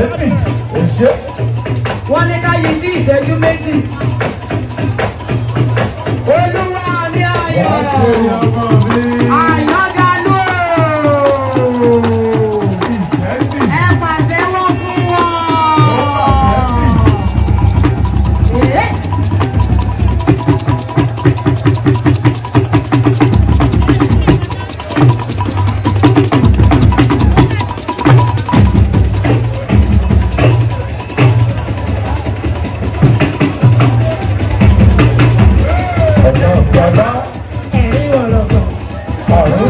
ẹ̀ẹ́tì òṣè. wọ́n ní ká yí sí ìṣẹ́jú méjì.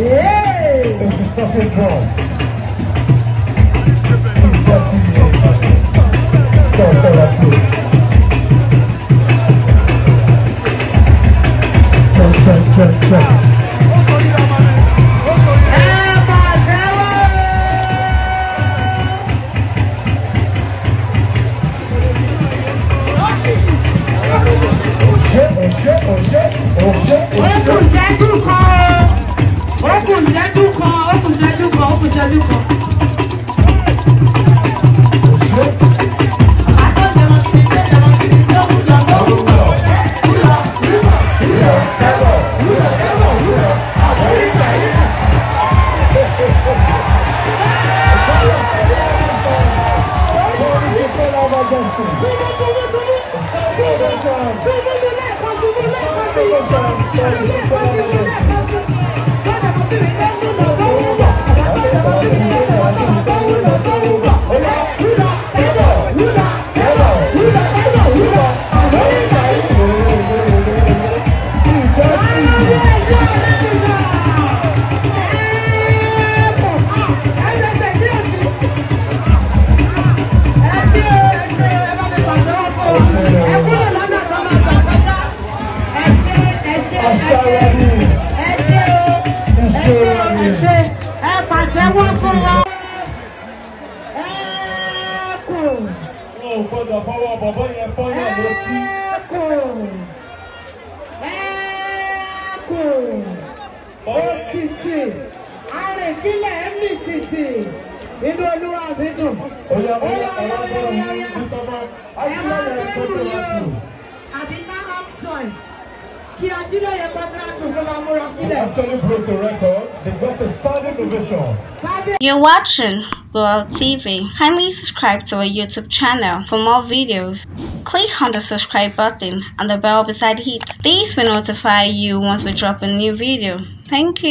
Yeah! It's a fucking ball. That's it. So, so that's it. Check, check, check, check. our destiny. It's time for liberation. It's time for liberation. aṣáájú. ẹ ṣé o ẹ ṣé o ẹ ṣé ẹ pàṣẹwọ́ fún wọn. ẹ kù. o gbọ́dọ̀ fọwọ́ bọ̀bọ́ yẹn fọyà létí. ẹ kù ẹ kù ó títì arìnkílẹ̀ ẹ̀ mì títì inú olúwa mi dùn. Oya oya oya oya oya ẹ máa ń kú yóò àbí náà ọ̀sán. the record they got a standing ovation. You're watching World TV. Kindly subscribe to our YouTube channel for more videos. Click on the subscribe button and the bell beside it. These will notify you once we drop a new video. Thank you.